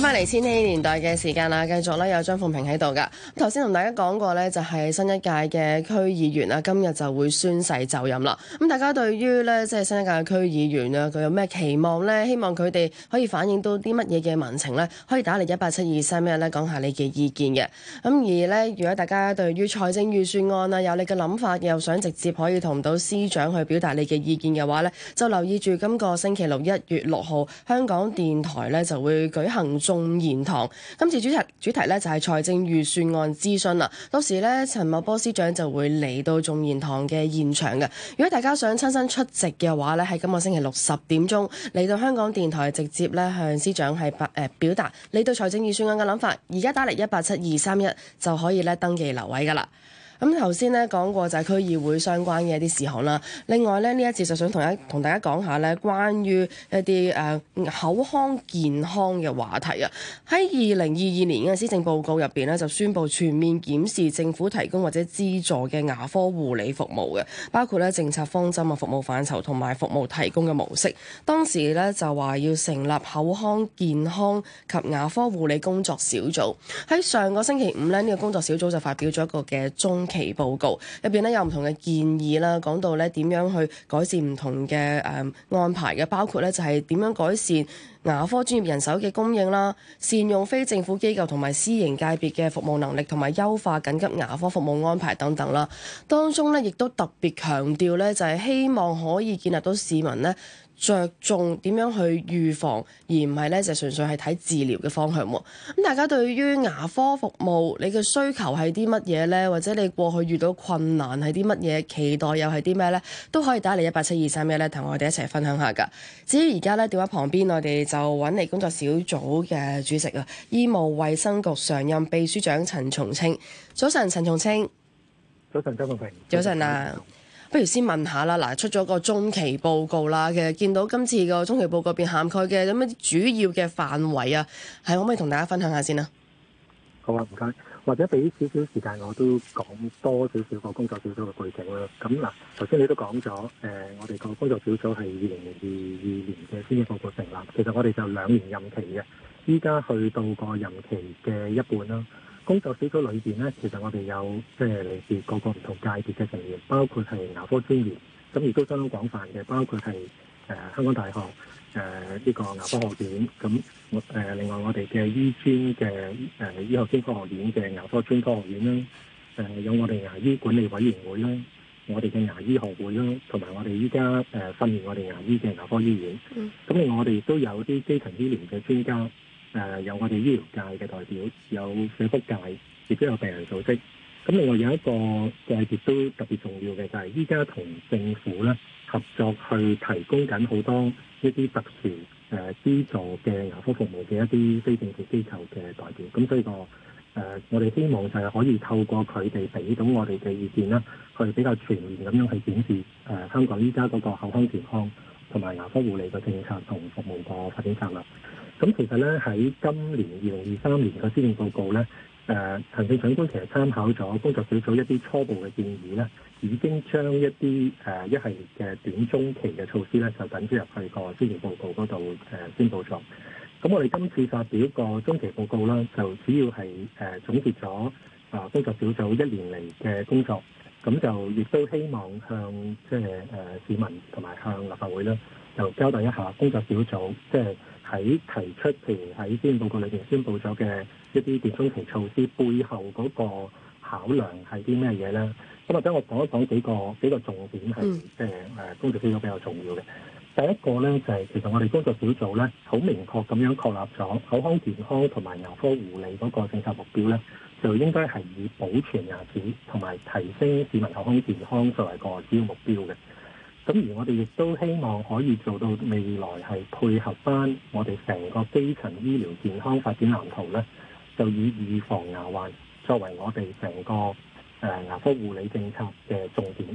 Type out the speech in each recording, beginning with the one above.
翻嚟千禧年代嘅時間啦，繼續咧有張鳳平喺度噶。頭先同大家講過咧，就係新一屆嘅區議員啦，今日就會宣誓就任啦。咁大家對於咧，即係新一屆嘅區議員啊，佢有咩期望咧？希望佢哋可以反映到啲乜嘢嘅民情咧？可以打嚟一八七二三一咧，講下你嘅意見嘅。咁而咧，如果大家對於財政預算案啊有你嘅諗法，又想直接可以同到司長去表達你嘅意見嘅話咧，就留意住今個星期六一月六號香港電台咧就會舉行眾言堂今次主題主題咧就係財政預算案諮詢啦，到時咧陳茂波司長就會嚟到眾言堂嘅現場嘅。如果大家想親身出席嘅話咧，喺今個星期六十點鐘嚟到香港電台，直接咧向司長係、呃、表誒表達你對財政預算案嘅諗法。而家打嚟一八七二三一就可以咧登記留位噶啦。咁頭先咧講過就係區議會相關嘅一啲事項啦。另外咧呢一次就想同一同大家講下咧關於一啲誒、呃、口腔健康嘅話題啊。喺二零二二年嘅施政報告入邊咧就宣佈全面檢視政府提供或者資助嘅牙科護理服務嘅，包括咧政策方針啊、服務範疇同埋服務提供嘅模式。當時咧就話要成立口腔健康及牙科護理工作小組，喺上個星期五咧呢、這個工作小組就發表咗一個嘅中。期報告入邊咧有唔同嘅建議啦，講到咧點樣去改善唔同嘅誒、嗯、安排嘅，包括咧就係點樣改善牙科專業人手嘅供應啦，善用非政府機構同埋私營界別嘅服務能力，同埋優化緊急牙科服務安排等等啦。當中咧亦都特別強調咧，就係希望可以建立到市民咧。着重點樣去預防，而唔係咧就純粹係睇治療嘅方向喎。咁大家對於牙科服務你嘅需求係啲乜嘢呢？或者你過去遇到困難係啲乜嘢，期待又係啲咩呢？都可以打嚟一八七二三一咧，同我哋一齊分享下噶。至於而家咧，電話旁邊我哋就揾嚟工作小組嘅主席啊，醫務衛生局常任秘書長陳松青。早晨，陳松青。早晨，張文斐。早晨啊！不如先問下啦，嗱出咗個中期報告啦，其實見到今次個中期報告變涵蓋嘅有咩主要嘅範圍啊，係可唔可以同大家分享下先啊？好啊，唔該。或者俾少少時間，我都講多少少個工作小組嘅背景啦。咁嗱，頭先你都講咗，誒、呃、我哋個工作小組係二零二二年嘅先至報告成立，其實我哋就兩年任期嘅，依家去到個任期嘅一半啦。工作小組裏邊咧，其實我哋有即係嚟自各個唔同界別嘅成員，包括係牙科專業，咁亦都相當廣泛嘅，包括係誒、呃、香港大學誒呢、呃這個牙科學院，咁誒、呃、另外我哋嘅醫專嘅誒醫學專科學院嘅牙科專科學院啦，誒、呃、有我哋牙醫管理委員會啦、呃，我哋嘅牙醫學會啦，同埋我哋依家誒訓練我哋牙醫嘅牙科醫院，咁而、嗯、我哋亦都有啲基層醫療嘅專家。誒、呃、有我哋醫療界嘅代表，有社福界，亦都有病人組織。咁另外有一個界別亦都特別重要嘅，就係依家同政府咧合作去提供緊好多一啲特殊誒資助嘅牙科服務嘅一啲非政府機構嘅代表。咁所以個誒、呃，我哋希望就係可以透過佢哋俾到我哋嘅意見啦，去比較全面咁樣去展示誒香港依家嗰個口腔健康同埋牙科護理嘅政策同服務個發展策略。咁其實咧喺今年二零二三年個施政報告咧，誒行政長官其實參考咗工作小組一啲初步嘅建議咧，已經將一啲誒、呃、一系列嘅短中期嘅措施咧，就等於入去個施政報告嗰度誒宣佈咗。咁、呃、我哋今次發表個中期報告咧，就主要係誒、呃、總結咗啊、呃、工作小組一年嚟嘅工作，咁就亦都希望向即係誒市民同埋向立法會咧，就交代一下工作小組即係。喺提出譬如喺報告裏邊宣佈咗嘅一啲調中期措施背後嗰個考量係啲咩嘢咧？咁或者我講一講幾個幾個重點係，即係誒工作組比較重要嘅。第一個咧就係、是，其實我哋工作小組咧好明確咁樣確立咗口腔健康同埋牙科護理嗰個政策目標咧，就應該係以保存牙齒同埋提升市民口腔健康作為個主要目標嘅。咁而我哋亦都希望可以做到未來係配合翻我哋成個基層醫療健康發展藍圖咧，就以預防牙患作為我哋成個誒牙科護理政策嘅重點。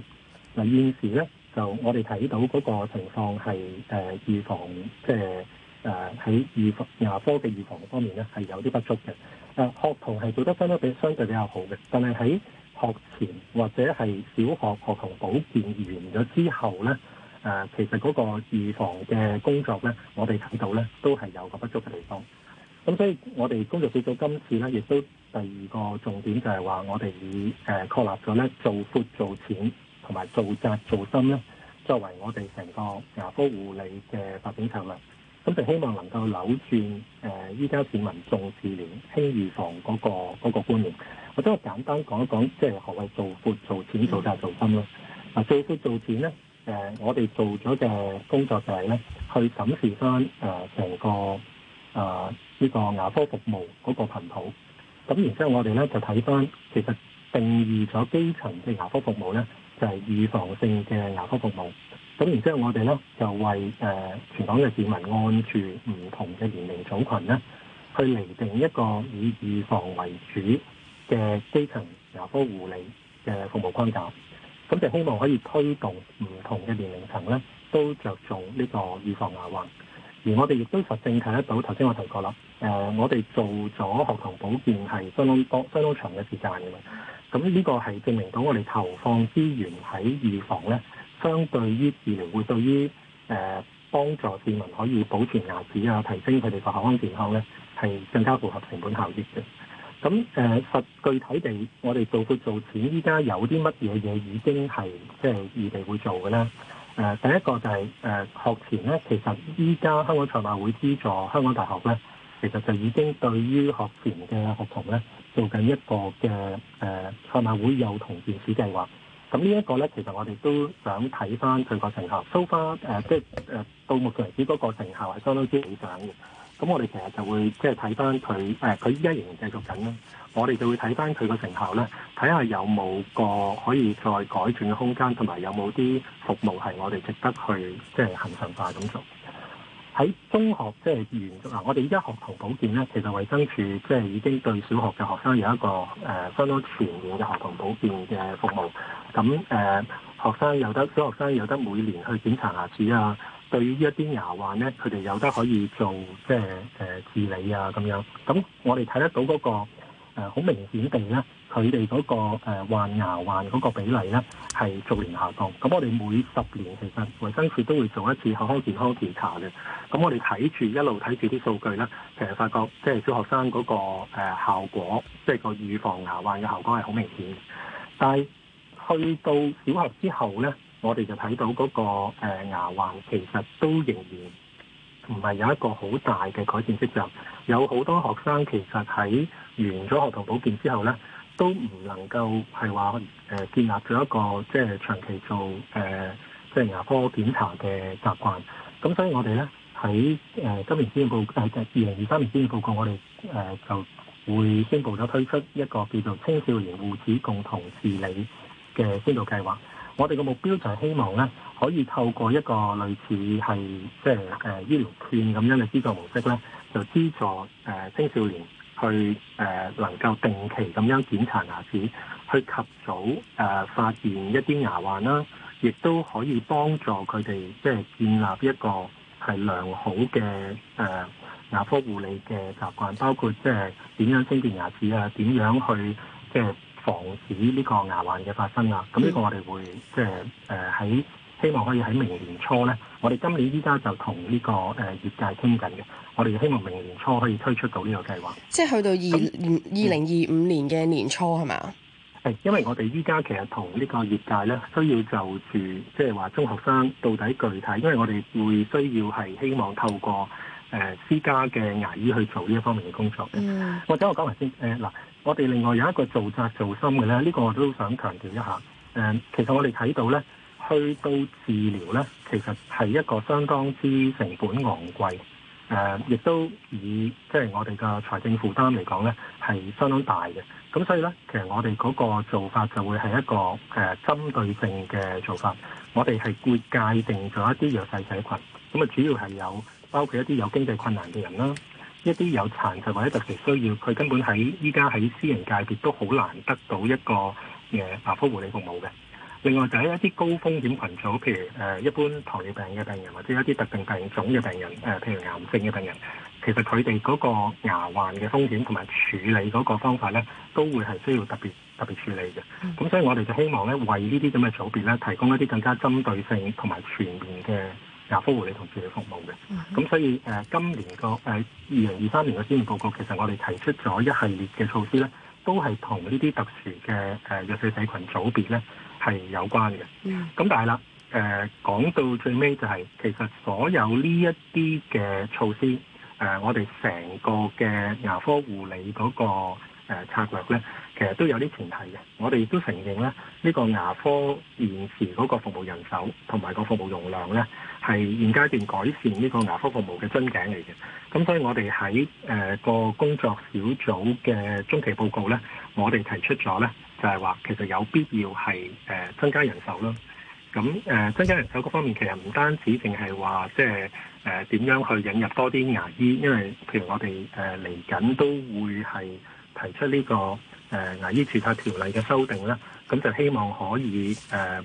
嗱現時咧，就我哋睇到嗰個情況，係誒預防即係誒喺預防牙科嘅預防方面咧係有啲不足嘅。誒學徒係做得翻得比相對比較好嘅，但係喺學前或者係小學學童保健完咗之後咧，誒、呃，其實嗰個預防嘅工作咧，我哋睇到咧都係有個不足嘅地方。咁所以，我哋工作小組今次咧，亦都第二個重點就係話，我哋以誒確立咗咧做闊做淺同埋做窄做深咧，作為我哋成個牙科護理嘅發展策略。咁就希望能夠扭轉誒依家市民重治療輕預防嗰、那個嗰、那個觀念。我都簡單講一講，即係何謂做闊、做淺、做大、做深啦。啊，做闊做淺咧，誒，我哋做咗嘅工作就係咧，去審視翻誒成個啊呢個牙科服務嗰個頻譜。咁然之後，我哋咧就睇翻，其實定義咗基層嘅牙科服務咧，就係預防性嘅牙科服務。咁然之後，我哋咧就為誒全港嘅市民按住唔同嘅年齡組羣咧，去釐定一個以預防為主。嘅基層牙科護理嘅服務框架，咁就希望可以推動唔同嘅年齡層咧，都着重呢個預防牙患。而我哋亦都實證睇得到，頭先我提過啦，誒、呃，我哋做咗學童保健係相當多、相當長嘅時間嘅。咁呢個係證明到我哋投放資源喺預防咧，相對於治療會，會對於誒、呃、幫助市民可以保存牙齒啊，提升佢哋嘅口腔健康咧，係更加符合成本效益嘅。咁誒、呃、實具體地，我哋做貨做錢，依家有啲乜嘢嘢已經係即係預備會做嘅咧。誒、呃，第一個就係、是、誒、呃、學前咧，其實依家香港賽馬會資助香港大學咧，其實就已經對於學前嘅學童咧，做緊一個嘅誒賽馬會幼童電子計劃。咁、嗯這個、呢一個咧，其實我哋都想睇翻佢個成效。So far 誒，即係誒到目前為止嗰個成效係相當之理想嘅。咁我哋其實就會即係睇翻佢誒，佢依家仍然繼續緊啦。我哋就會睇翻佢個成效咧，睇下有冇個可以再改進嘅空間，同埋有冇啲服務係我哋值得去即係恆常化咁做。喺中學即係完啊，我哋依家學童保健咧，其實衞生署即係已經對小學嘅學生有一個誒、呃、相當全面嘅學童保健嘅服務。咁誒、呃、學生有得，小學生有得每年去檢查牙齒啊。對於一啲牙患咧，佢哋有得可以做，即係誒、呃、治理啊咁樣。咁我哋睇得到嗰、那個好、呃、明顯定咧，佢哋嗰個患牙患嗰個比例咧係逐年下降。咁我哋每十年其實衞生署都會做一次口腔健康調查嘅。咁我哋睇住一路睇住啲數據咧，其實發覺即係、就是、小學生嗰個效果，即、就、係、是、個預防牙患嘅效果係好明顯。但係去到小學之後咧。我哋就睇到嗰個牙患其實都仍然唔係有一個好大嘅改善跡象，有好多學生其實喺完咗學童保健之後咧，都唔能夠係話誒建立咗一個即係長期做誒、呃、即係牙科檢查嘅習慣。咁所以我哋咧喺誒今先、呃、年先料報，誒即係二零二三年先料報告，我哋誒、呃、就會宣布咗推出一個叫做青少年護齒共同治理嘅先導計劃。我哋嘅目標就係希望咧，可以透過一個類似係即係誒、呃、醫療券咁樣嘅資助模式咧，就資助誒、呃、青少年去誒、呃、能夠定期咁樣檢查牙齒，去及早誒、呃、發現一啲牙患啦、啊，亦都可以幫助佢哋即係建立一個係良好嘅誒、呃、牙科護理嘅習慣，包括即係點樣清潔牙齒啊，點樣去即係。防止呢個牙患嘅發生啊！咁呢個我哋會即係誒喺希望可以喺明年初呢，我哋今年依家就同呢、呢個誒、呃、業界傾緊嘅，我哋希望明年初可以推出到呢個計劃。即係去到二、嗯、二零二五年嘅年初係咪？誒、嗯，吧因為我哋依家其實同呢個業界呢，需要就住即係話中學生到底具體，因為我哋會需要係希望透過誒、呃、私家嘅牙醫去做呢一方面嘅工作嘅。嗯，或者我講埋先誒嗱。呃我哋另外有一個做責做心嘅咧，呢、這個我都想強調一下。誒、呃，其實我哋睇到咧，去到治療咧，其實係一個相當之成本昂貴，誒、呃，亦都以即係、就是、我哋嘅財政負擔嚟講咧，係相當大嘅。咁所以咧，其實我哋嗰個做法就會係一個誒針、呃、對性嘅做法。我哋係會界定咗一啲弱勢社群，咁啊，主要係有包括一啲有經濟困難嘅人啦。一啲有殘疾或者特別需要，佢根本喺依家喺私人界別都好難得到一個誒、呃、牙科護理服務嘅。另外就係一啲高風險群組，譬如誒、呃、一般糖尿病嘅病人，或者一啲特定病種嘅病人，誒、呃、譬如癌症嘅病人，其實佢哋嗰個牙患嘅風險同埋處理嗰個方法咧，都會係需要特別特別處理嘅。咁、嗯、所以我哋就希望咧，為呢啲咁嘅組別咧，提供一啲更加針對性同埋全面嘅牙科護理同治療服務嘅，咁、mm hmm. 嗯、所以誒、呃、今年個誒、呃、二零二三年嘅資源報告，其實我哋提出咗一系列嘅措施咧，都係同呢啲特殊嘅誒弱勢社群組別咧係有關嘅。咁、mm hmm. 嗯、但係啦，誒、呃、講到最尾就係、是，其實所有呢一啲嘅措施，誒、呃、我哋成個嘅牙科護理嗰、那個、呃、策略咧，其實都有啲前提嘅。我哋亦都承認咧，呢、這個牙科現時嗰個服務人手同埋個服務容量咧。係現階段改善呢個牙科服務嘅樽頸嚟嘅，咁所以我哋喺誒個工作小組嘅中期報告呢，我哋提出咗呢，就係、是、話其實有必要係誒、呃、增加人手咯。咁誒、呃、增加人手嗰方面，其實唔單止淨係話即係誒點樣去引入多啲牙醫，因為譬如我哋誒嚟緊都會係提出呢、這個誒、呃、牙醫註冊條例嘅修訂啦，咁就希望可以誒。呃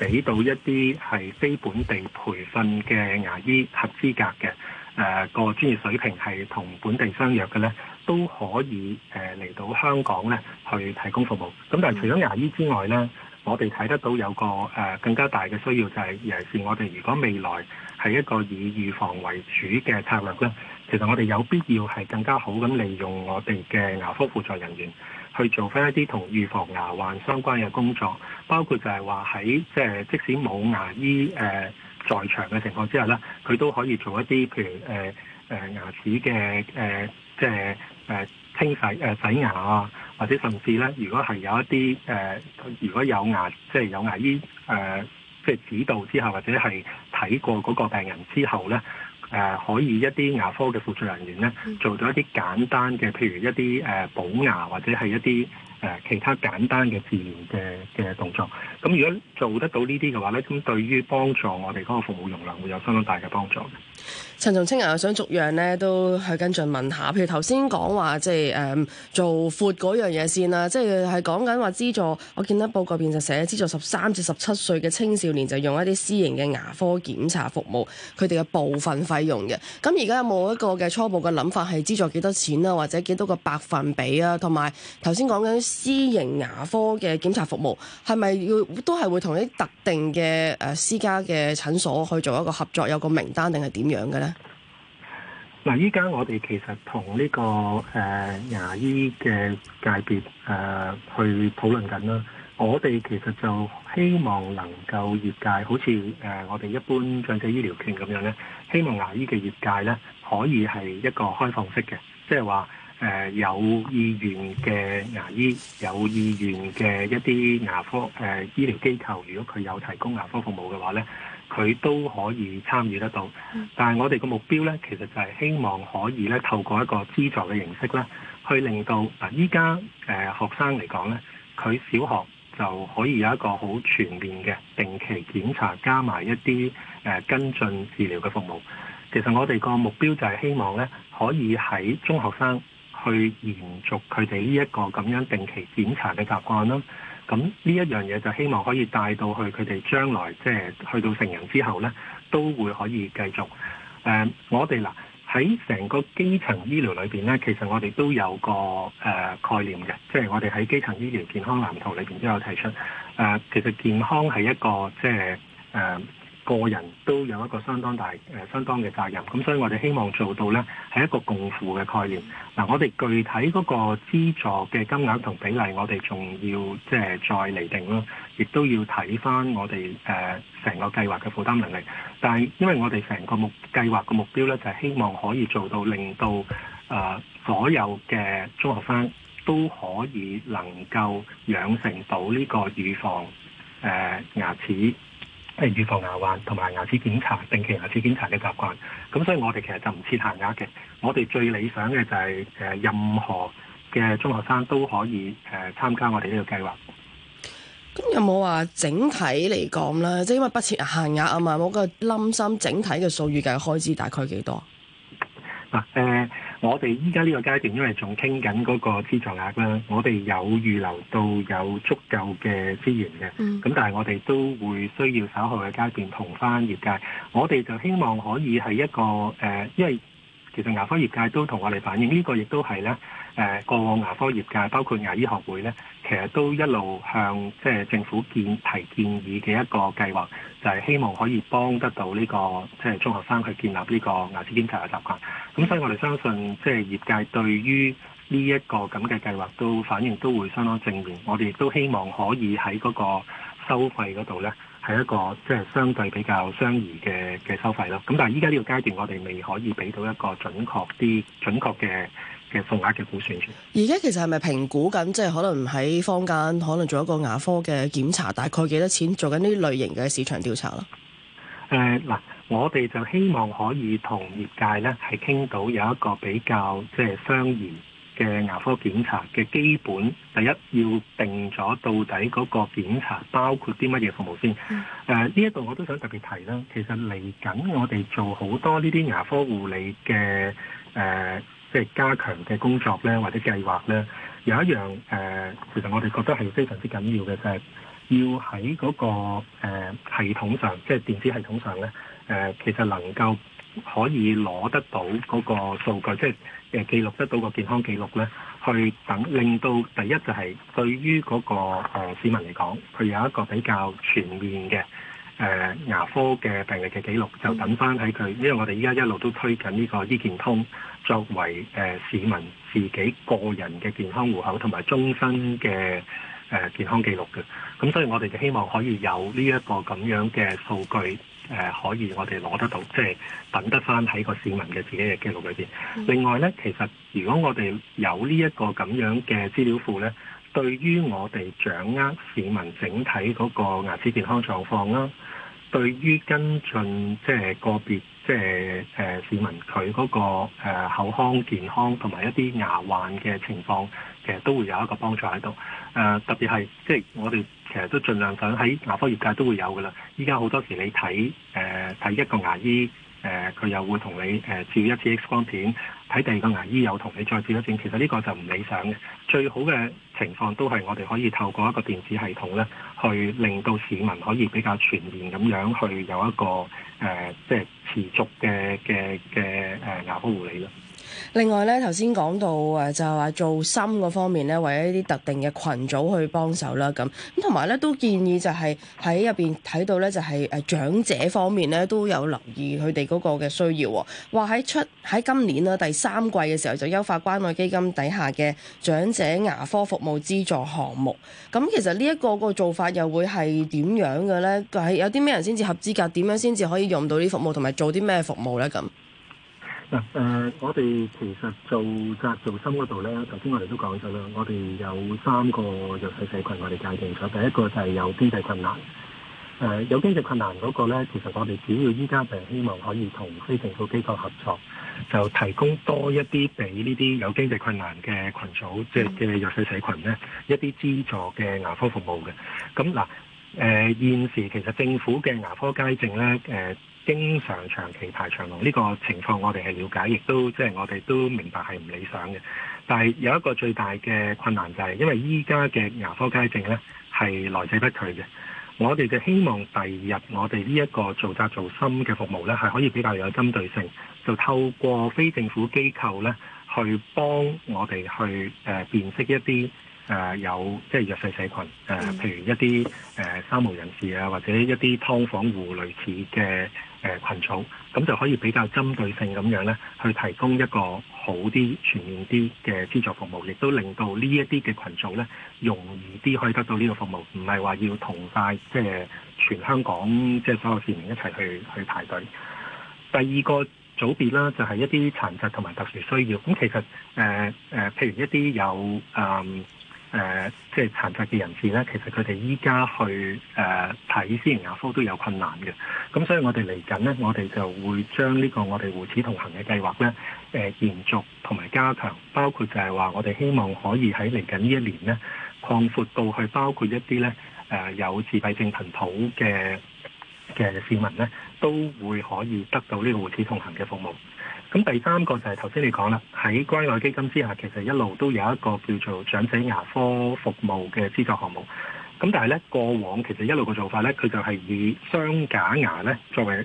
俾到一啲係非本地培訓嘅牙醫合資格嘅，誒、呃、個專業水平係同本地相若嘅呢都可以誒嚟、呃、到香港呢去提供服務。咁但係除咗牙醫之外呢，我哋睇得到有個誒、呃、更加大嘅需要、就是，就係尤其是我哋如果未來係一個以預防為主嘅策略呢，其實我哋有必要係更加好咁利用我哋嘅牙科輔助人員去做翻一啲同預防牙患相關嘅工作。包括就係話喺即係即使冇牙醫誒在場嘅情況之下咧，佢都可以做一啲譬如誒誒、呃、牙齒嘅誒、呃、即係誒清洗誒洗牙啊，或者甚至咧，如果係有一啲誒、呃、如果有牙即係、就是、有牙醫誒、呃、即係指導之後，或者係睇過嗰個病人之後咧，誒、呃、可以一啲牙科嘅輔助人員咧做到一啲簡單嘅，譬如一啲誒補牙或者係一啲。誒其他簡單嘅治療嘅嘅動作，咁如果做得到呢啲嘅話咧，咁對於幫助我哋嗰個服務容量會有相當大嘅幫助嘅。陳松青啊，想逐樣咧都去跟進問下，譬如頭先講話即係誒做闊嗰樣嘢先啦，即係係講緊話資助。我見咧報告入邊就寫資助十三至十七歲嘅青少年就用一啲私營嘅牙科檢查服務，佢哋嘅部分費用嘅。咁而家有冇一個嘅初步嘅諗法係資助幾多錢啦、啊，或者幾多個百分比啊？同埋頭先講緊私營牙科嘅檢查服務係咪要都係會同啲特定嘅誒私家嘅診所去做一個合作，有個名單定係點？樣嘅咧，嗱，依家我哋其實同呢、這個誒、呃、牙醫嘅界別誒、呃、去討論緊啦。我哋其實就希望能夠業界好似誒、呃、我哋一般長者醫療券咁樣咧，希望牙醫嘅業界咧可以係一個開放式嘅，即係話。誒、呃、有意願嘅牙醫，有意願嘅一啲牙科誒、呃、醫療機構，如果佢有提供牙科服務嘅話呢，佢都可以參與得到。但係我哋嘅目標呢，其實就係希望可以咧透過一個資助嘅形式呢，去令到嗱依家誒學生嚟講呢，佢小學就可以有一個好全面嘅定期檢查，加埋一啲誒、呃、跟進治療嘅服務。其實我哋個目標就係希望呢，可以喺中學生，去延續佢哋呢一個咁樣定期檢查嘅習慣啦，咁呢一樣嘢就希望可以帶到去佢哋將來即係、就是、去到成人之後呢，都會可以繼續誒、呃。我哋嗱喺成個基層醫療裏邊呢，其實我哋都有個誒、呃、概念嘅，即係我哋喺基層醫療健康藍圖裏邊都有提出誒、呃。其實健康係一個即係誒。呃個人都有一個相當大誒、呃、相當嘅責任，咁所以我哋希望做到呢係一個共負嘅概念。嗱、啊，我哋具體嗰個資助嘅金額同比例，我哋仲要即係、呃、再釐定啦，亦都要睇翻我哋誒成個計劃嘅負擔能力。但係因為我哋成個目計劃嘅目標呢，就係、是、希望可以做到令到誒、呃、所有嘅中學生都可以能夠養成到呢個預防、呃、牙齒。誒，預防牙患同埋牙齒檢查，定期牙齒檢查嘅習慣。咁所以我哋其實就唔設限額嘅。我哋最理想嘅就係、是、誒、呃，任何嘅中學生都可以誒參、呃、加我哋呢個計劃。咁有冇話整體嚟講咧？即係因為不設限額啊嘛。我個冧心整體嘅數預計開支大概幾多？嗱、啊，誒、呃。我哋依家呢個階段，因為仲傾緊嗰個資助額啦，我哋有預留到有足夠嘅資源嘅，咁、嗯、但係我哋都會需要稍後嘅階段同返業界，我哋就希望可以係一個誒、呃，因為其實牙科業界都同我哋反映，這個、呢個亦都係咧。誒、呃、過往牙科業界，包括牙醫學會咧，其實都一路向即係政府建提建議嘅一個計劃，就係、是、希望可以幫得到呢、這個即係、就是、中學生去建立呢個牙齒檢查嘅習慣。咁所以我哋相信，即係業界對於呢一個咁嘅計劃都反應都會相當正面。我哋亦都希望可以喺嗰個收費嗰度咧，係一個即係相對比較相宜嘅嘅收費咯。咁但係依家呢個階段，我哋未可以俾到一個準確啲、準確嘅。嘅數額嘅估算，而家其實係咪評估緊，即係可能喺坊間可能做一個牙科嘅檢查，大概幾多錢？做緊呢類型嘅市場調查啦。誒嗱、呃，我哋就希望可以同業界咧係傾到有一個比較即係相宜嘅牙科檢查嘅基本。第一要定咗到底嗰個檢查包括啲乜嘢服務先。誒呢一度我都想特別提啦。其實嚟緊我哋做好多呢啲牙科護理嘅誒。呃即係加強嘅工作咧，或者計劃咧，有一樣誒、呃，其實我哋覺得係非常之緊要嘅，就係、是、要喺嗰、那個、呃、系統上，即係電子系統上咧，誒、呃、其實能夠可以攞得到嗰個數據，即係誒、呃、記錄得到個健康記錄咧，去等令到第一就係對於嗰、那個、呃、市民嚟講，佢有一個比較全面嘅。誒、呃、牙科嘅病歷嘅記錄就等翻喺佢，因為我哋依家一路都推緊呢個醫健通作為誒、呃、市民自己個人嘅健康戶口同埋終身嘅誒、呃、健康記錄嘅，咁所以我哋就希望可以有呢一個咁樣嘅數據誒、呃，可以我哋攞得到，即、就、係、是、等得翻喺個市民嘅自己嘅記錄裏邊。另外呢，其實如果我哋有呢一個咁樣嘅資料庫呢。對於我哋掌握市民整體嗰個牙齒健康狀況啦，對於跟進即係個別即係誒、呃、市民佢嗰、嗰個、呃、口腔健康同埋一啲牙患嘅情況，其實都會有一個幫助喺度。誒、呃、特別係即係我哋其實都盡量想喺牙科業界都會有㗎啦。依家好多時你睇誒睇一個牙醫。誒，佢、呃、又會同你誒、呃、照一次 X 光片，睇第二個牙醫又同你再照一次，其實呢個就唔理想嘅。最好嘅情況都係我哋可以透過一個電子系統咧，去令到市民可以比較全面咁樣去有一個誒、呃，即係持續嘅嘅嘅誒牙科護理咯。另外咧，頭先講到誒，就係話做心嗰方面咧，為一啲特定嘅群組去幫手啦，咁咁同埋咧都建議就係喺入邊睇到咧，就係誒長者方面咧都有留意佢哋嗰個嘅需要喎。話喺出喺今年啦第三季嘅時候就優化關愛基金底下嘅長者牙科服務資助項目。咁其實呢一個個做法又會係點樣嘅咧？係、就係、有啲咩人先至合資格？點樣先至可以用到啲服務同埋做啲咩服務咧？咁？嗱、呃，我哋其實做扎做心嗰度咧，頭先我哋都講咗啦，我哋有三個弱勢社群，我哋界定咗，第一個就係有經濟困難。誒、呃，有經濟困難嗰個咧，其實我哋主要依家就希望可以同非政府機構合作，就提供多一啲俾呢啲有經濟困難嘅群組，即係嘅弱勢社群咧，一啲資助嘅牙科服務嘅。咁嗱，誒、呃，現時其實政府嘅牙科街症咧，誒、呃，經常長期排長龍，呢、這個情況我哋係了解，亦都即係、就是、我哋都明白係唔理想嘅。但係有一個最大嘅困難就係、是，因為依家嘅牙科街症呢係來者不拒嘅。我哋就希望第二日我哋呢一個做窄做深嘅服務呢，係可以比較有針對性，就透過非政府機構呢去幫我哋去誒辨識一啲。誒、呃、有即係弱勢社群，誒、呃、譬如一啲誒、呃、三無人士啊，或者一啲劏房戶類似嘅誒羣組，咁就可以比較針對性咁樣咧，去提供一個好啲、全面啲嘅資助服務，亦都令到呢一啲嘅群組咧，容易啲可以得到呢個服務，唔係話要同晒，即係全香港即係所有市民一齊去去排隊。第二個組別啦，就係、是、一啲殘疾同埋特殊需要。咁、嗯、其實誒誒、呃呃，譬如一啲有誒。嗯誒，即係、呃就是、殘疾嘅人士咧，其實佢哋依家去誒睇、呃、私人牙科都有困難嘅，咁所以我哋嚟緊咧，我哋就會將呢個我哋護齒同行嘅計劃咧，誒、呃、延續同埋加強，包括就係話我哋希望可以喺嚟緊呢一年咧，擴闊到去包括一啲咧誒有自閉症頻譜嘅嘅市民咧，都會可以得到呢個護齒同行嘅服務。咁第三個就係頭先你講啦，喺關愛基金之下，其實一路都有一個叫做長者牙科服務嘅資助項目。咁但係咧，過往其實一路嘅做法咧，佢就係以鑲假牙咧作為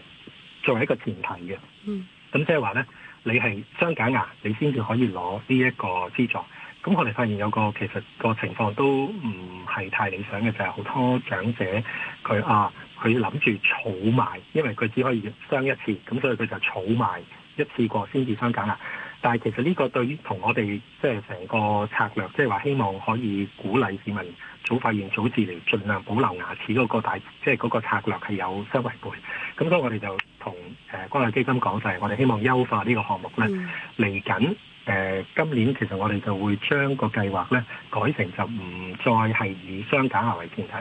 作為一個前提嘅。嗯。咁即係話咧，你係鑲假牙，你先至可以攞呢一個資助。咁我哋發現有個其實個情況都唔係太理想嘅，就係好多長者佢啊，佢諗住儲埋，因為佢只可以鑲一次，咁所以佢就儲埋。一次過先至鑲假牙，但係其實呢個對於同我哋即係成個策略，即係話希望可以鼓勵市民早發現、早治療，儘量保留牙齒嗰、那個大，即係嗰個策略係有相違背。咁所以我哋就同誒關愛基金講就係，我哋希望優化呢個項目咧，嚟緊誒今年其實我哋就會將個計劃咧改成就唔再係以鑲假牙為前提。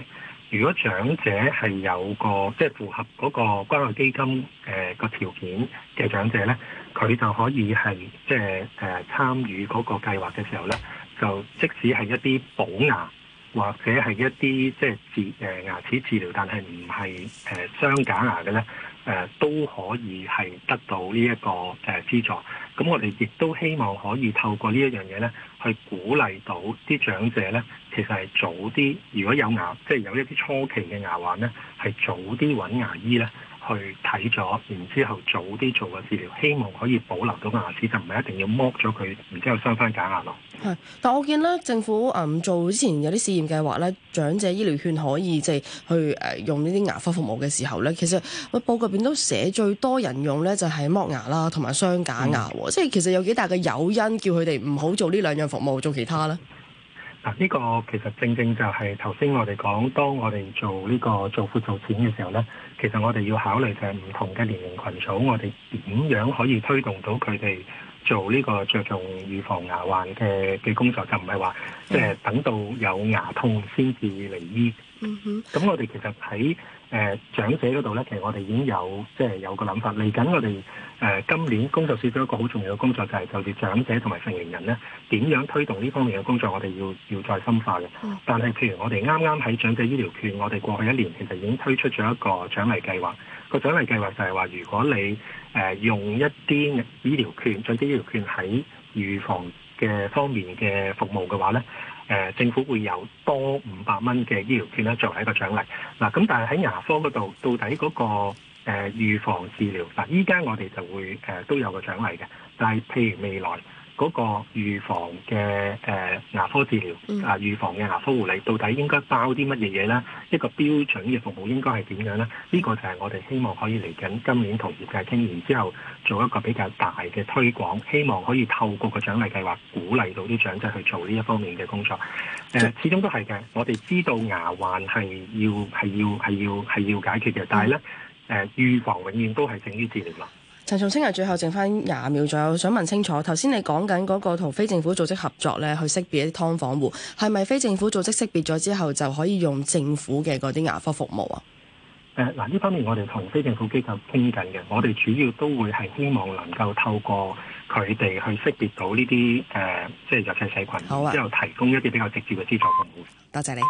如果長者係有個即係、就是、符合嗰個關愛基金誒個條件嘅長者咧，佢就可以係即係誒參與嗰個計劃嘅時候咧，就即使係一啲補牙或者係一啲即係治誒牙齒治療，但係唔係誒雙假牙嘅咧，誒、呃、都可以係得到呢一個誒資助。咁我哋亦都希望可以透過呢一樣嘢咧。去鼓勵到啲長者咧，其實係早啲，如果有牙，即係有一啲初期嘅牙患咧，係早啲搵牙醫咧。去睇咗，然之後早啲做個治療，希望可以保留到牙齒，就唔係一定要剝咗佢，然之後鑲返假牙咯。係，但我見咧，政府、嗯、做之前有啲試驗計劃咧，長者醫療券可以即係去、呃、用呢啲牙科服務嘅時候咧，其實報告入邊都寫最多人用呢就係剝牙啦，同埋鑲假牙，嗯、即係其實有幾大嘅誘因叫佢哋唔好做呢兩樣服務，做其他呢。嗱，呢個其實正正、正就係頭先我哋講，當我哋做呢個做擴造淺嘅時候呢。其實我哋要考慮，就係唔同嘅年齡群組，我哋點樣可以推動到佢哋。做呢個着重預防牙患嘅嘅工作，就唔係話即係等到有牙痛先至嚟醫。咁、嗯、哼我哋其實喺誒、呃、長者嗰度呢，其實我哋已經有即係、就是、有個諗法。嚟緊我哋、呃、今年工作涉及一個好重要嘅工作，就係、是、就住長者同埋成年人呢，點樣推動呢方面嘅工作，我，我哋要要再深化嘅。嗯、但係譬如我哋啱啱喺長者醫療券，我哋過去一年其實已經推出咗一個獎勵計劃。個獎勵計劃就係話，如果你誒、呃、用一啲醫療券，將啲醫療券喺預防嘅方面嘅服務嘅話咧，誒、呃、政府會有多五百蚊嘅醫療券咧作為一個獎勵。嗱、呃，咁但係喺牙科嗰度，到底嗰、那個誒、呃、預防治療，嗱依家我哋就會誒、呃、都有個獎勵嘅，但係譬如未來。嗰個預防嘅誒、呃、牙科治療啊、呃，預防嘅牙科護理到底應該包啲乜嘢嘢呢？一個標準嘅服務應該係點樣呢？呢、這個就係我哋希望可以嚟緊今年同業界傾完之後，做一個比較大嘅推廣，希望可以透過個獎勵計劃鼓勵到啲長者去做呢一方面嘅工作。誒、呃，始終都係嘅，我哋知道牙患係要係要係要係要，要解決嘅，但係呢誒、呃，預防永遠都係勝於治療啦。從、嗯、清日最後剩返廿秒左右，想問清楚，頭先你講緊嗰個同非政府組織合作咧，去識別一啲劏房戶，係咪非政府組織識別咗之後就可以用政府嘅嗰啲牙科服務啊？誒、呃，嗱，呢方面我哋同非政府機構傾緊嘅，我哋主要都會係希望能夠透過佢哋去識別到呢啲誒，即係弱勢社群，好啊、然之後提供一啲比較直接嘅資助服務。多謝你。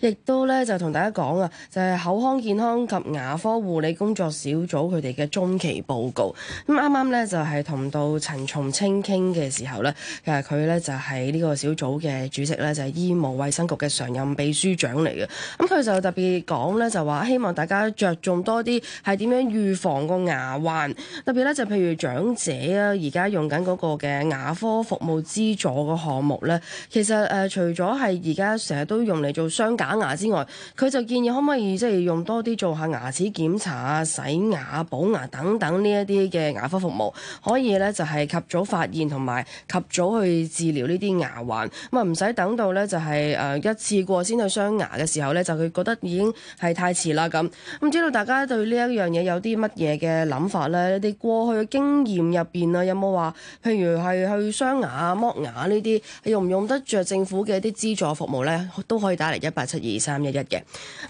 亦都咧就同大家講啊，就係、是、口腔健康及牙科護理工作小組佢哋嘅中期報告。咁啱啱咧就係、是、同到陳松青傾嘅時候咧，其實佢咧就係、是、呢個小組嘅主席咧，就係、是、醫務衛生局嘅常任秘書長嚟嘅。咁、嗯、佢就特別講咧就話希望大家着重多啲係點樣預防個牙患，特別咧就譬如長者啊，而家用緊嗰個嘅牙科服務資助個項目咧，其實誒、呃、除咗係而家成日都用嚟做相。假牙之外，佢就建議可唔可以即係、就是、用多啲做下牙齒檢查啊、洗牙、補牙等等呢一啲嘅牙科服務，可以咧就係、是、及早發現同埋及，及早去治療呢啲牙患，咁啊唔使等到咧就係、是、誒、呃、一次過先去鑲牙嘅時候咧，就佢覺得已經係太遲啦咁。唔知道大家對呢一樣嘢有啲乜嘢嘅諗法咧？你過去嘅經驗入邊啊，有冇話譬如係去鑲牙啊、剝牙呢啲，用唔用得着政府嘅一啲資助服務咧？都可以打嚟一百七二三一一嘅，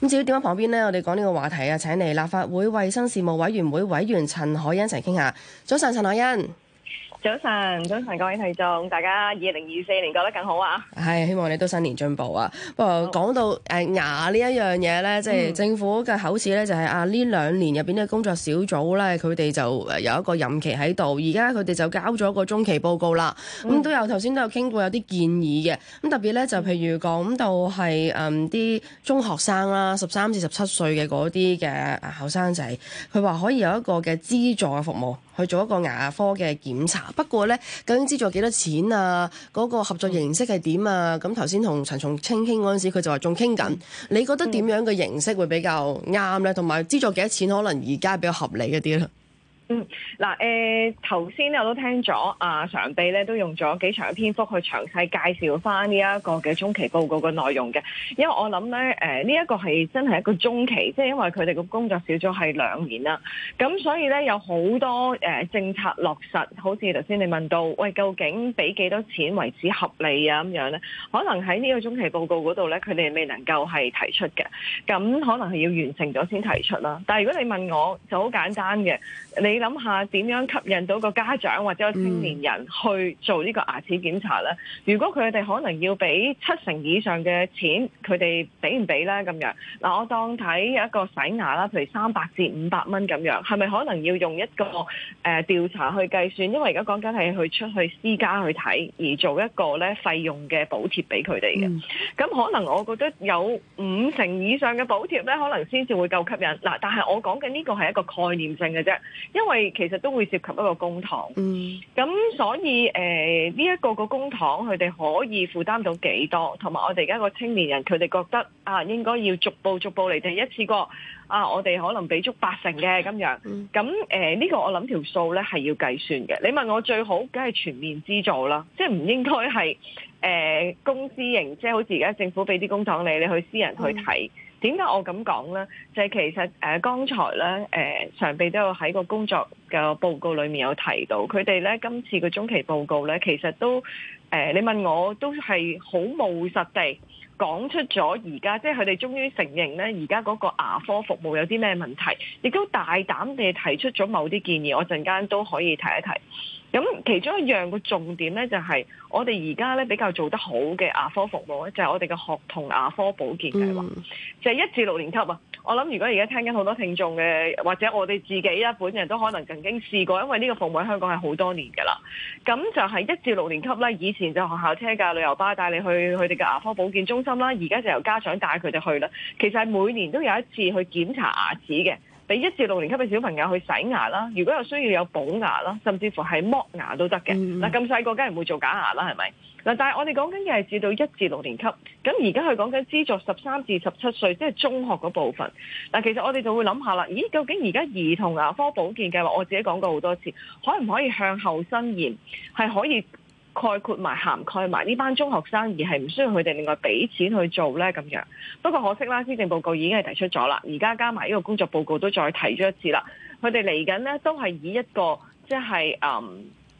咁至於點樣旁邊呢，我哋講呢個話題啊，請嚟立法會衛生事務委員會委員陳凱欣一齊傾下。早晨，陳凱欣。早晨，早晨，各位聽眾，大家二零二四年過得更好啊！係，希望你都新年進步啊！不過、oh. 講到誒、呃、牙呢一樣嘢咧，即、就、係、是、政府嘅口齒咧，就係、是、啊呢兩年入邊嘅工作小組咧，佢哋就有一個任期喺度，而家佢哋就交咗個中期報告啦。咁、嗯、都、嗯嗯嗯、有頭先都有傾過有啲建議嘅，咁特別咧就譬如講到係誒啲中學生啦，十三至十七歲嘅嗰啲嘅後生仔，佢話可以有一個嘅資助嘅服務。去做一個牙科嘅檢查，不過呢，究竟資助幾多錢啊？嗰個合作形式係點啊？咁頭先同陳松青傾嗰陣時，佢就話仲傾緊。你覺得點樣嘅形式會比較啱呢？同埋資助幾多錢可能而家比較合理一啲呢？」嗯，嗱、呃，誒，頭先我都聽咗阿常秘咧，都用咗幾長嘅篇幅去詳細介紹翻呢一個嘅中期報告嘅內容嘅。因為我諗咧，誒、呃、呢、這、一個係真係一個中期，即、就、係、是、因為佢哋嘅工作小組係兩年啦，咁所以咧有好多誒、呃、政策落實，好似頭先你問到，喂，究竟俾幾多錢為止合理啊咁樣咧，可能喺呢個中期報告嗰度咧，佢哋未能夠係提出嘅，咁可能係要完成咗先提出啦。但係如果你問我就好簡單嘅，你。諗下點樣吸引到個家長或者青年人去做呢個牙齒檢查呢？如果佢哋可能要俾七成以上嘅錢，佢哋俾唔俾呢？咁樣嗱，我當睇一個洗牙啦，譬如三百至五百蚊咁樣，係咪可能要用一個誒、呃、調查去計算？因為而家講緊係去出去私家去睇而做一個咧費用嘅補貼俾佢哋嘅。咁、嗯、可能我覺得有五成以上嘅補貼咧，可能先至會夠吸引。嗱，但係我講緊呢個係一個概念性嘅啫，因為。因為其實都會涉及一個公帑，咁、嗯、所以誒呢一個個公帑佢哋可以負擔到幾多，同埋我哋而家個青年人佢哋覺得啊應該要逐步逐步嚟，第一次過啊我哋可能俾足八成嘅咁樣，咁誒呢個我諗條數咧係要計算嘅。你問我最好，梗係全面資助啦，即係唔應該係誒公私營，即、呃、係、就是、好似而家政府俾啲公帑你，你去私人去睇。嗯點解我咁講呢？就係、是、其實誒、呃，剛才咧誒、呃，常秘都有喺個工作嘅報告裏面有提到，佢哋咧今次嘅中期報告咧，其實都誒、呃，你問我都係好務實地講出咗而家，即係佢哋終於承認咧，而家嗰個牙科服務有啲咩問題，亦都大膽地提出咗某啲建議，我陣間都可以提一提。咁其中一樣個重點咧，就係我哋而家咧比較做得好嘅牙科服務咧，就係我哋嘅學童牙科保健計劃，就係一至六年級啊！我諗如果而家聽緊好多聽眾嘅，或者我哋自己啊，本人都可能曾經試過，因為呢個服務喺香港係好多年㗎啦。咁就係一至六年級咧，以前就學校車架旅遊巴帶你去佢哋嘅牙科保健中心啦，而家就由家長帶佢哋去啦。其實係每年都有一次去檢查牙齒嘅。俾一至六年級嘅小朋友去洗牙啦，如果有需要有補牙啦，甚至乎係剝牙都得嘅。嗱咁細個梗係唔會做假牙啦，係咪？嗱，但係我哋講緊嘅係至到一至六年級，咁而家佢講緊資助十三至十七歲，即係中學嗰部分。嗱，其實我哋就會諗下啦，咦？究竟而家兒童牙科保健計劃，我自己講過好多次，可唔可以向後伸延？係可以。概括埋涵蓋埋呢班中學生，而係唔需要佢哋另外俾錢去做呢。咁樣。不過可惜啦，施政報告已經係提出咗啦，而家加埋呢個工作報告都再提咗一次啦。佢哋嚟緊呢，都係以一個即係誒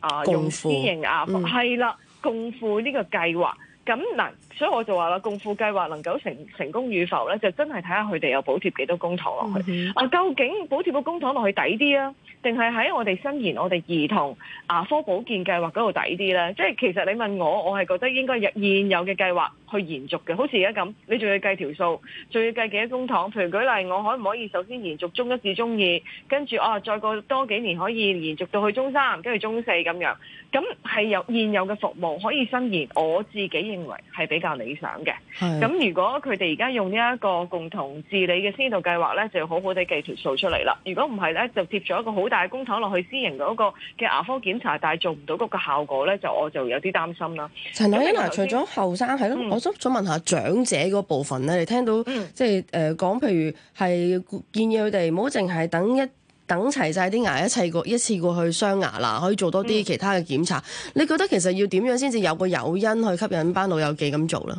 啊，用私營啊，係啦，共付呢個計劃。咁嗱，所以我就話啦，共付計劃能夠成成功與否呢，就真係睇下佢哋有補貼幾多公帑落去。啊，究竟補貼個公帑落去抵啲啊？定係喺我哋新研，我哋兒童牙、啊、科保健計劃嗰度抵啲咧？即係其實你問我，我係覺得應該有現有嘅計劃。去延續嘅，好似而家咁，你仲要計條數，仲要計幾多公帑？譬如舉例，我可唔可以首先延續中一至中二，跟住啊再過多幾年可以延續到去中三，跟住中四咁樣？咁係有現有嘅服務可以伸延，我自己認為係比較理想嘅。咁是如果佢哋而家用呢一個共同治理嘅先導計劃咧，就要好好地計條數出嚟啦。如果唔係咧，就貼咗一個好大公帑落去，私營嗰個嘅牙科檢查，但係做唔到嗰個效果咧，就我就有啲擔心啦。陳凱欣，啊除咗後生係咯。嗯嗯。我想問下長者嗰部分咧，你聽到即係誒講，譬如係建議佢哋唔好淨係等一等齊晒啲牙，一齊過一次過去鑲牙啦，可以做多啲其他嘅檢查。嗯、你覺得其實要點樣先至有個誘因去吸引班老友記咁做咧？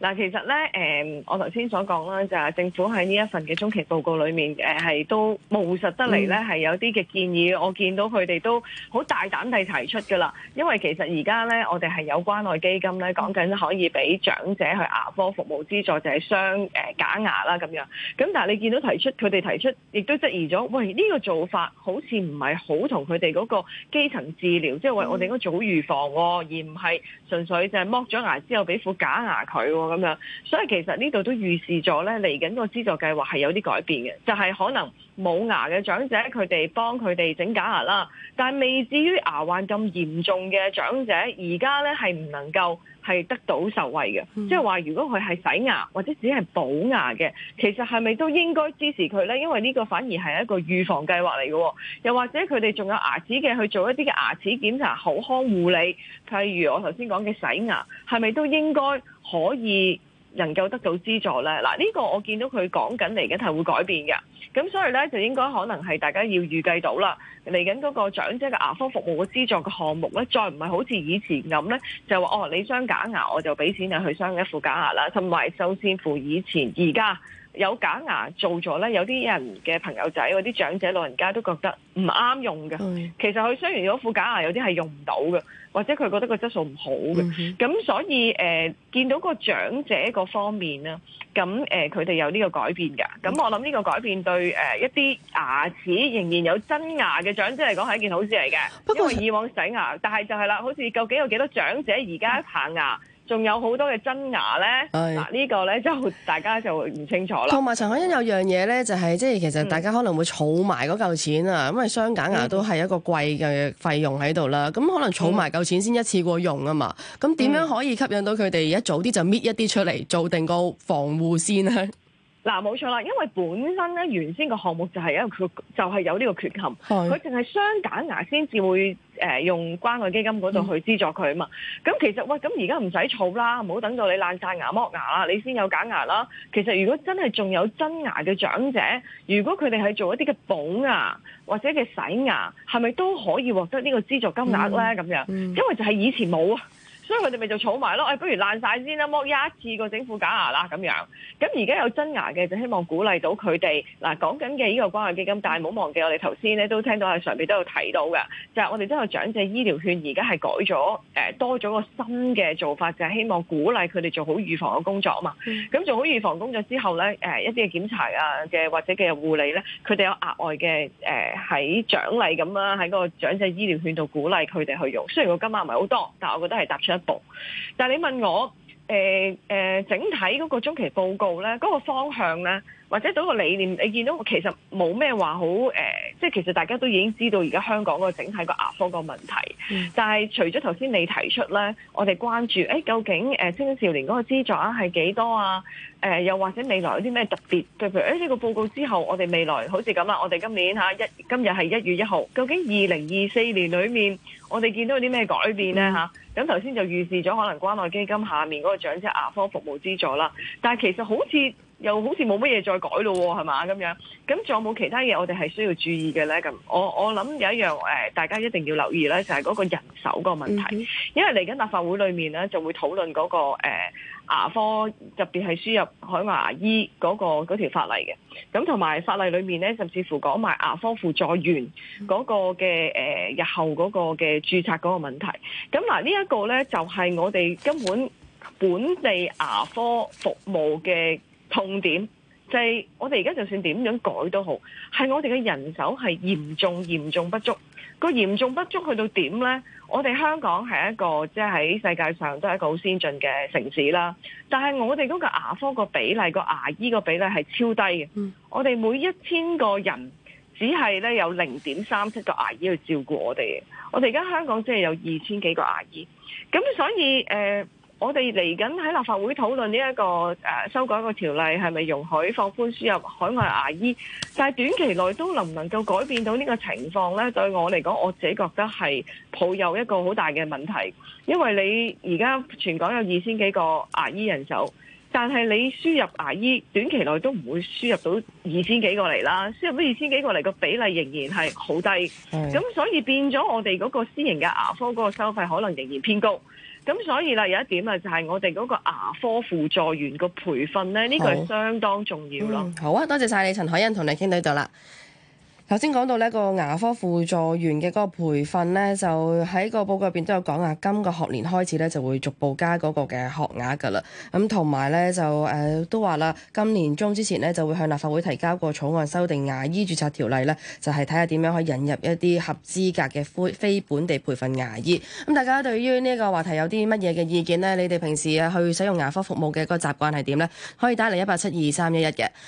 嗱、嗯，其實咧，誒、嗯，我頭先所講啦，就係政府喺呢一份嘅中期報告裏面，誒、嗯，係都務實得嚟咧，係有啲嘅建議，我見到佢哋都好大膽地提出㗎啦。因為其實而家咧，我哋係有關愛基金咧講緊可以俾長者去牙科服務資助者，就係鑲誒假牙啦咁樣。咁但係你見到提出佢哋提出，亦都質疑咗，喂，呢、這個做法好似唔係好同佢哋嗰個基層治療，即、就、係、是、喂，我哋應該早預防、啊，而唔係純粹就係剝咗牙之後俾副假牙。佢咁樣，所以其實呢度都預示咗咧，嚟緊個資助計劃係有啲改變嘅，就係可能冇牙嘅長者佢哋幫佢哋整假牙啦，但係未至於牙患咁嚴重嘅長者，而家呢係唔能夠， 係得到受惠嘅，即係話如果佢係洗牙或者只係補牙嘅，其實係咪都應該支持佢呢？因為呢個反而係一個預防計劃嚟嘅，又或者佢哋仲有牙齒嘅去做一啲嘅牙齒檢查、口腔護理，譬如我頭先講嘅洗牙，係咪都應該可以？能夠得到資助呢，嗱，呢個我見到佢講緊嚟緊係會改變嘅，咁所以呢，就應該可能係大家要預計到啦，嚟緊嗰個長者嘅牙科服務嘅資助嘅項目呢，再唔係好似以前咁呢，就話哦，你鑲假牙我就畀錢你去鑲一副假牙啦，同埋首先乎以前而家。有假牙做咗呢，有啲人嘅朋友仔，有啲長者老人家都覺得唔啱用嘅。嗯、其實佢雖然有副假牙，有啲係用唔到嘅，或者佢覺得個質素唔好嘅。咁、嗯、哼所以誒、呃，見到個長者嗰方面呢，咁誒佢哋有呢個改變㗎。咁我諗呢個改變對誒、呃、一啲牙齒仍然有真牙嘅長者嚟講，係一件好事嚟嘅。過因為以往洗牙，但係就係啦，好似究竟有幾多長者而家一拍牙？嗯仲有好多嘅真牙呢，嗱呢是、啊這個呢，就大家就唔清楚啦。同埋陳凱欣，有樣嘢呢，就係、是、即係其實大家可能會儲埋嗰嚿錢啊，嗯、因為鑲假牙都係一個貴嘅費用喺度啦。咁可能儲埋嚿錢先一次過用啊嘛。咁點、嗯、樣可以吸引到佢哋一早啲就搣一啲出嚟做定個防護先呢？嗱冇、啊、錯啦，因為本身咧原先個項目就係一個缺，就係、是、有呢個缺陷，佢淨係雙假牙先至會誒、呃、用關愛基金嗰度去資助佢啊嘛。咁其實喂，咁而家唔使儲啦，唔好等到你爛晒牙剝牙啦，你先有假牙啦。其實如果真係仲有真牙嘅長者，如果佢哋係做一啲嘅補牙或者嘅洗牙，係咪都可以獲得呢個資助金額咧？咁樣，因為就係以前冇啊。所以佢哋咪就儲埋咯，誒、哎，不如爛晒先啦，剝一次個整副假牙啦，咁樣。咁而家有真牙嘅，就希望鼓勵到佢哋。嗱，講緊嘅呢個關愛基金，但係唔好忘記我哋頭先咧都聽到喺上面都有提到嘅，就係、是、我哋都有長者醫療券，而家係改咗誒多咗個新嘅做法，就係、是、希望鼓勵佢哋做好預防嘅工作啊嘛。咁、嗯、做好預防工作之後咧，誒、呃、一啲嘅檢查啊嘅或者嘅護理咧，佢哋有額外嘅誒喺獎勵咁啦，喺個長者醫療券度鼓勵佢哋去用。雖然個金額唔係好多，但係我覺得係踏出步，但係你問我，誒誒，整體嗰個中期報告咧，嗰個方向咧。或者到個理念，你見到其實冇咩話好誒，即係其實大家都已經知道而家香港個整體個牙科個問題。嗯、但係除咗頭先你提出咧，我哋關注誒、欸、究竟誒青少年嗰個資助額係幾多啊？誒又、啊呃、或者未來有啲咩特別？譬如誒呢、欸呢個報告之後，我哋未來好似咁啊。我哋今年嚇一今日係一月一號，究竟二零二四年裡面我哋見到有啲咩改變咧嚇？咁頭先就預示咗可能關愛基金下面嗰個長者牙科服務資助啦，但係其實好似。又好似冇乜嘢再改咯，係嘛，咁樣，咁仲有冇其他嘢我哋係需要注意嘅咧？咁我我諗有一樣，誒、呃，大家一定要留意咧，就係、是、嗰個人手個問題，mm hmm. 因為嚟緊立法會裏面咧，就會討論嗰個誒、呃、牙科特別係輸入海外牙醫嗰、那個嗰條法例嘅。咁同埋法例裏面咧，甚至乎講埋牙科輔助員嗰個嘅誒、呃、日後嗰個嘅注冊嗰個問題。咁嗱，呃這個、呢一個咧就係、是、我哋根本本地牙科服務嘅。痛點就係、是、我哋而家就算點樣改都好，係我哋嘅人手係嚴重嚴重不足。個嚴重不足去到點呢？我哋香港係一個即係喺世界上都係一個好先進嘅城市啦。但係我哋嗰個牙科個比例，個牙醫個比例係超低嘅。我哋每一千個人只係咧有零點三七個牙醫去照顧我哋。我哋而家香港即係有二千幾個牙醫，咁所以誒。呃我哋嚟緊喺立法會討論呢、這、一個誒、啊、修改個條例，係咪容許放寬輸入海外牙醫？但係短期內都能唔能夠改變到呢個情況呢？對我嚟講，我自己覺得係抱有一個好大嘅問題，因為你而家全港有二千幾個牙醫人手，但係你輸入牙醫短期內都唔會輸入到二千幾個嚟啦。輸入到二千幾個嚟，個比例仍然係好低。咁、嗯、所以變咗我哋嗰個私營嘅牙科嗰個收費可能仍然偏高。咁所以啦，有一點啊，就係我哋嗰個牙科輔助員個培訓咧，呢好個係相當重要咯、嗯。好啊，多謝晒你，陳凱欣同你傾到呢度啦。頭先講到呢個牙科輔助員嘅嗰個培訓呢，就喺個報告入邊都有講啊。今個學年開始呢，就會逐步加嗰個嘅學額㗎啦。咁同埋呢，就誒、呃、都話啦，今年中之前呢，就會向立法會提交個草案修訂牙醫註冊條例呢，就係睇下點樣可以引入一啲合資格嘅非非本地培訓牙醫。咁、嗯、大家對於呢個話題有啲乜嘢嘅意見呢？你哋平時啊去使用牙科服務嘅個習慣係點呢？可以打嚟一八七二三一一嘅。